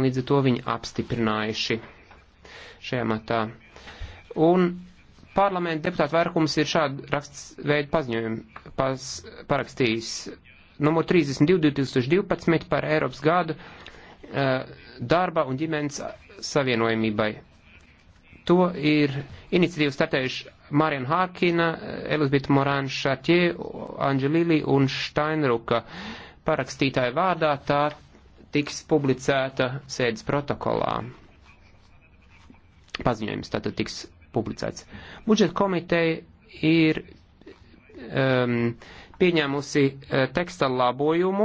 līdz ar to viņu apstiprinājuši šajā matā. Un parlamenta deputāta vairākums ir šādu rakstsveidu paziņojumu pas, parakstījis. Numur 32 2012 par Eiropas gadu uh, darba un ģimenes savienojumībai. To ir iniciatīvu startējuši Marian Hārkina, Elizabete Morāna Šatie, Anģelīli un Steinruka parakstītāju vārdā. Tā tiks publicēta sēdes protokolā. Paziņojums tātad tiks publicēts. Budžeta komiteja ir um, pieņēmusi uh, teksta labojumu.